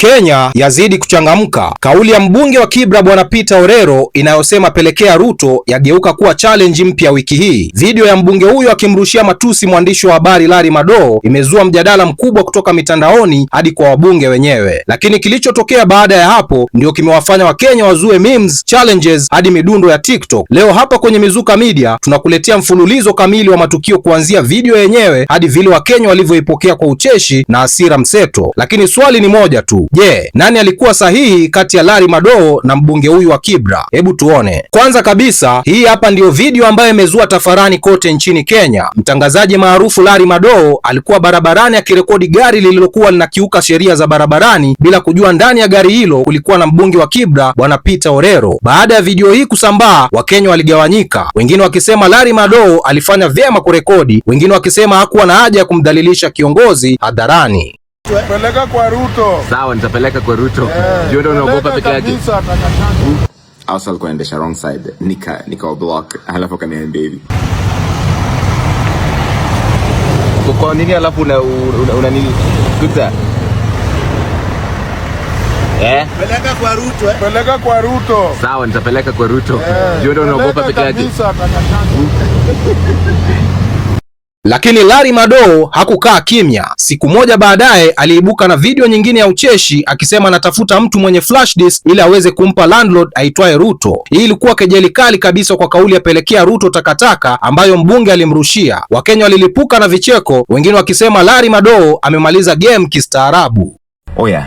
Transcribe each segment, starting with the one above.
Kenya yazidi kuchangamka. Kauli ya mbunge wa Kibra Bwana Peter Orero inayosema pelekea Ruto yageuka kuwa challenge mpya wiki hii. Video ya mbunge huyo akimrushia matusi mwandishi wa habari Larry Madowo imezua mjadala mkubwa kutoka mitandaoni hadi kwa wabunge wenyewe, lakini kilichotokea baada ya hapo ndio kimewafanya Wakenya wazue memes, challenges hadi midundo ya TikTok. Leo hapa kwenye Mizuka Media tunakuletea mfululizo kamili wa matukio kuanzia video yenyewe hadi vile Wakenya walivyoipokea kwa ucheshi na hasira mseto, lakini swali ni moja tu Je, yeah, nani alikuwa sahihi kati ya Larry Madowo na mbunge huyu wa Kibra? Hebu tuone. Kwanza kabisa, hii hapa ndiyo video ambayo imezua tafarani kote nchini Kenya. Mtangazaji maarufu Larry Madowo alikuwa barabarani akirekodi gari lililokuwa linakiuka sheria za barabarani bila kujua ndani ya gari hilo kulikuwa na mbunge wa Kibra bwana Peter Orero. Baada ya video hii kusambaa, Wakenya waligawanyika, wengine wakisema Larry Madowo alifanya vyema kurekodi, wengine wakisema hakuwa na haja ya kumdhalilisha kiongozi hadharani. Eh? Peleka kwa Ruto. Sawa, nitapeleka kwa Ruto. Yeah. ndio unaogopa peke yake. Hasa alikuwa anaendesha wrong side. Nika nika block alafu akaniambia hivi. Kwa nini alafu una una nini? Kuta. Eh? Peleka kwa Ruto. Eh? Peleka kwa Ruto. Sawa, nitapeleka kwa Ruto. Eh. Juu ndio unaogopa peke yake. Lakini Larry Madowo hakukaa kimya. Siku moja baadaye aliibuka na video nyingine ya ucheshi akisema anatafuta mtu mwenye flash disk ili aweze kumpa landlord aitwaye Ruto. Hii ilikuwa kejeli kali kabisa kwa kauli ya pelekea Ruto takataka ambayo mbunge alimrushia. Wakenya walilipuka na vicheko, wengine wakisema Larry Madowo amemaliza game kistaarabu. Oya,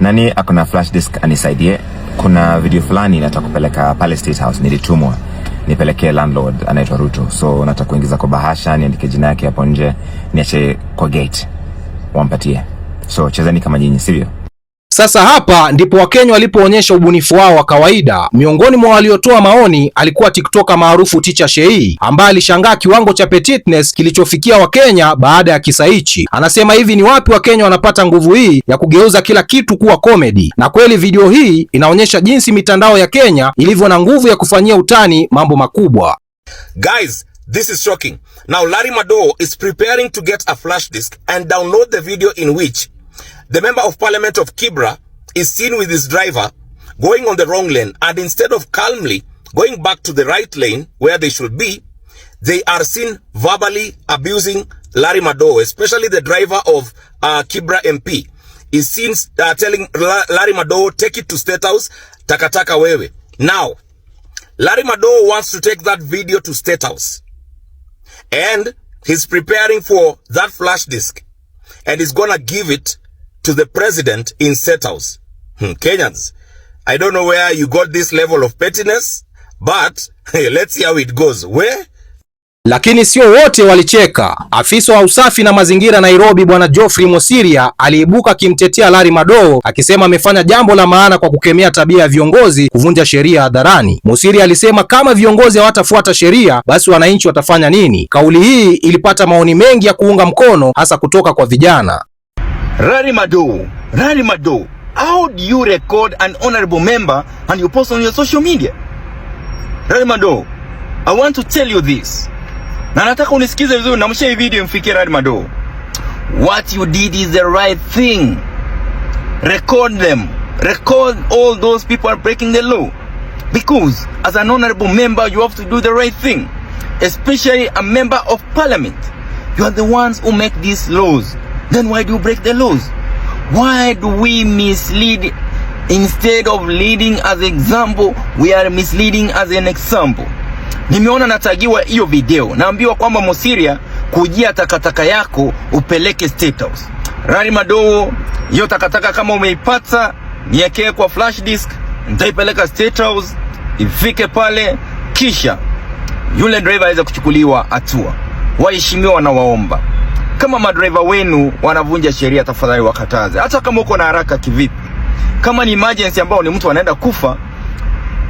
nani akona flash disk anisaidie? Kuna video fulani nataka kupeleka pale State House, nilitumwa nipelekee landlord anaitwa Ruto, so nataka kuingiza kwa bahasha, niandike jina yake hapo nje, niache kwa gate wampatie. So chezeni kama nyinyi, sivyo? Sasa hapa ndipo Wakenya walipoonyesha ubunifu wao wa kawaida. Miongoni mwa waliotoa maoni alikuwa TikToker maarufu Ticha Shei ambaye alishangaa kiwango cha petitness kilichofikia Wakenya baada ya kisa hichi. Anasema hivi, ni wapi Wakenya wanapata nguvu hii ya kugeuza kila kitu kuwa comedy? Na kweli video hii inaonyesha jinsi mitandao ya Kenya ilivyo na nguvu ya kufanyia utani mambo makubwa. Guys, This is shocking. Now Larry Madowo is preparing to get a flash disk and download the video in which The member of parliament of Kibra is seen with his driver going on the wrong lane and instead of calmly going back to the right lane where they should be, they are seen verbally abusing Larry Madowo, especially the driver of uh, Kibra MP is seen uh, telling Larry Madowo, take it to State House, takataka wewe. Now, Larry Madowo wants to take that video to State House. And he's preparing for that flash disk. And he's gonna give it to the president in State House. Hmm, Kenyans, I don't know where you got this level of pettiness, but hey, let's see how it goes. Where? Lakini sio wote walicheka. Afisa wa usafi na mazingira Nairobi, Bwana Geoffrey Mosiria aliibuka akimtetea Larry Madowo akisema amefanya jambo la maana kwa kukemea tabia ya viongozi kuvunja sheria hadharani. Mosiria alisema kama viongozi hawatafuata sheria, basi wananchi watafanya nini? Kauli hii ilipata maoni mengi ya kuunga mkono hasa kutoka kwa vijana. Rari Mado, Rari Mado, how do you record an honorable member and you post on your social media? Rari Mado, I want to tell you this. Na nataka unisikize vizuri na mshare video mfikie Rari Mado. What you did is the right thing. Record them. Record all those people are breaking the law. Because as an honorable member, you have to do the right thing. Especially a member of parliament. You are the ones who make these laws then why do you break the laws? Why do we mislead instead of leading as example, we are misleading as an example. Nimeona natagiwa hiyo video, naambiwa kwamba Mosiria kujia takataka yako upeleke State House. Rari Madowo, hiyo takataka kama umeipata niwekee kwa flash disk, nitaipeleka State House ifike pale, kisha yule driver aweze kuchukuliwa hatua. Waheshimiwa, wanawaomba kama madriver wenu wanavunja sheria, tafadhali wakataze. Hata kama uko na haraka kivipi, kama ni emergency ambao ni mtu anaenda kufa,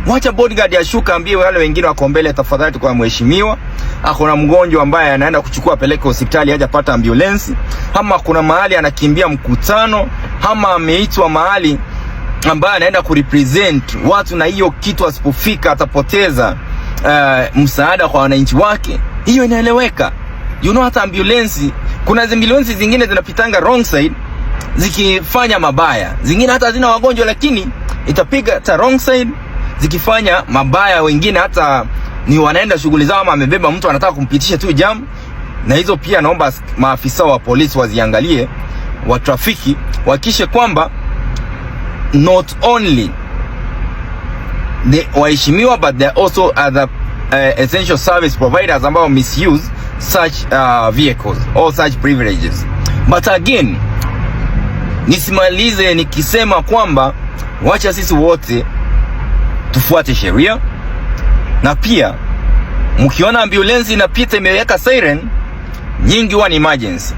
wacha bodyguard ashuka, ambie wale wengine wako mbele, tafadhali tukwa mheshimiwa ako na mgonjwa ambaye anaenda kuchukua apeleke hospitali hajapata ambulance, ama kuna mahali anakimbia mkutano, ama ameitwa mahali ambaye anaenda kurepresent watu, na hiyo kitu asipofika atapoteza uh, msaada kwa wananchi wake. Hiyo inaeleweka you know, hata ambulance kuna ambulensi zingine zinapitanga wrong side zikifanya mabaya, zingine hata hazina wagonjwa, lakini itapiga ta wrong side zikifanya mabaya. Wengine hata ni wanaenda shughuli zao, ama amebeba mtu anataka kumpitisha tu jam. na hizo pia naomba maafisa wa polisi waziangalie, wa trafiki wahakikishe kwamba not only the waheshimiwa but they also other uh, eh, essential service providers ambao misuse such uh, vehicles or such privileges. But again, nisimalize nikisema kwamba wacha sisi wote tufuate sheria, na pia mkiona ambulensi inapita imeweka siren nyingi, huwa ni emergency.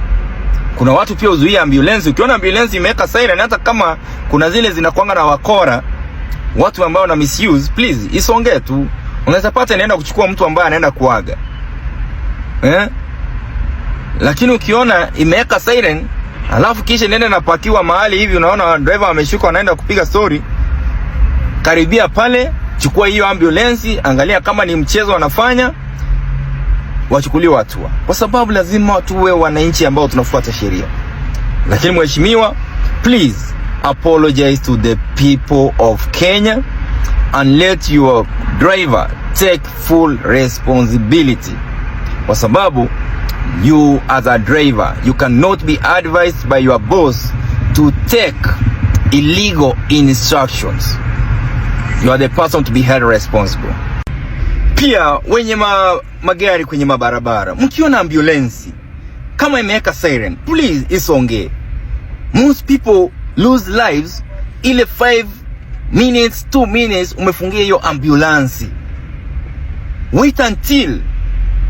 Kuna watu pia huzuia ambulensi. Ukiona ambulensi imeweka siren, hata kama kuna zile zinakuanga na wakora watu ambao na misuse, please isongee tu, unaweza pata inaenda kuchukua mtu ambaye anaenda kuaga eh? Lakini ukiona imeweka siren alafu kisha nenda napakiwa mahali hivi, unaona driver ameshuka, anaenda kupiga story, karibia pale, chukua hiyo ambulance, angalia kama ni mchezo wanafanya, wachukuliwe hatua, kwa sababu lazima tuwe wananchi ambao tunafuata sheria. Lakini mheshimiwa, please apologize to the people of Kenya and let your driver take full responsibility kwa sababu you as a driver you cannot be advised by your boss to take illegal instructions. You are the person to be held responsible. Pia wenye ma, magari kwenye mabarabara, mkiona ambulensi kama imeweka siren, please isongee. Most people lose lives ile 5 minutes 2 minutes umefungia hiyo ambulansi. Wait until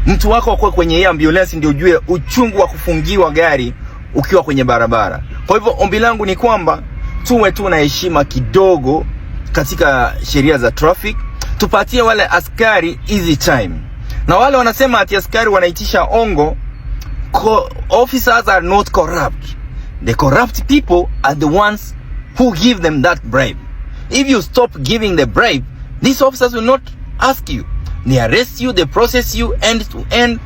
Mtu wako akuwe kwenye hii ambulance ndio ujue uchungu wa kufungiwa gari ukiwa kwenye barabara. Kwa hivyo ombi langu ni kwamba tuwe tu na heshima kidogo katika sheria za traffic, tupatie wale askari easy time, na wale wanasema ati askari wanaitisha ongo. Co officers are not corrupt. The corrupt people are the ones who give them that bribe. If you stop giving the bribe, these officers will not ask you ni arrest you, they process you end to end,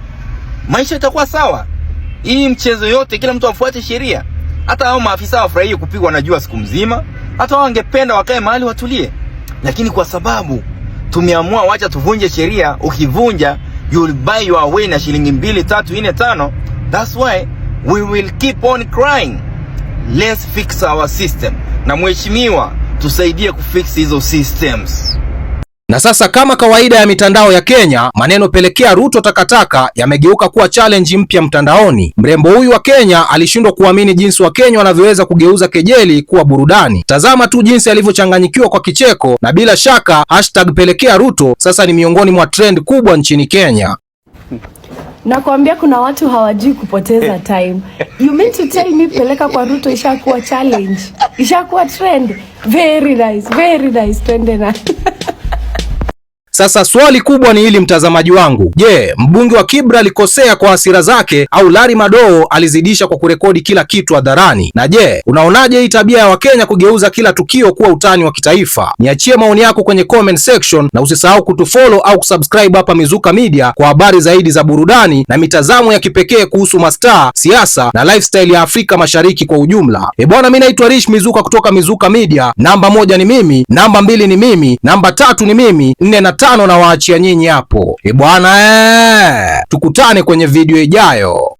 maisha itakuwa sawa. Hii mchezo yote, kila mtu afuate sheria. Hata hao maafisa wafurahie kupigwa na jua siku mzima, hata wao wangependa wakae mahali watulie, lakini kwa sababu tumeamua wacha tuvunje sheria, ukivunja you'll buy your way na shilingi mbili tatu nne tano. That's why we will keep on crying. Let's fix our system. Na mheshimiwa, tusaidie kufix hizo systems. Na sasa kama kawaida ya mitandao ya Kenya, maneno pelekea Ruto takataka yamegeuka kuwa challenge mpya mtandaoni. Mrembo huyu wa Kenya alishindwa kuamini jinsi Wakenya wanavyoweza kugeuza kejeli kuwa burudani. Tazama tu jinsi alivyochanganyikiwa kwa kicheko, na bila shaka hashtag pelekea Ruto sasa ni miongoni mwa trend kubwa nchini Kenya. Nakwambia kuna watu hawajui kupoteza eh. time. You mean to tell me peleka kwa Ruto ishakuwa challenge, ishakuwa trend? Very nice, very nice, twende na Sasa swali kubwa ni hili, mtazamaji wangu. Je, mbunge wa Kibra alikosea kwa hasira zake au Larry Madowo alizidisha kwa kurekodi kila kitu hadharani? Na je, unaonaje hii tabia ya Wakenya kugeuza kila tukio kuwa utani wa kitaifa? Niachie maoni yako kwenye comment section na usisahau kutufollow au kusubscribe hapa Mizuka Media kwa habari zaidi za burudani na mitazamo ya kipekee kuhusu mastaa, siasa na lifestyle ya Afrika Mashariki kwa ujumla. E bwana, mimi naitwa rich Mizuka kutoka Mizuka Media. Namba moja ni mimi, namba mbili ni mimi, namba tatu ni mimi, nne na tano na waachia nyinyi hapo. E bwana, eh, tukutane kwenye video ijayo.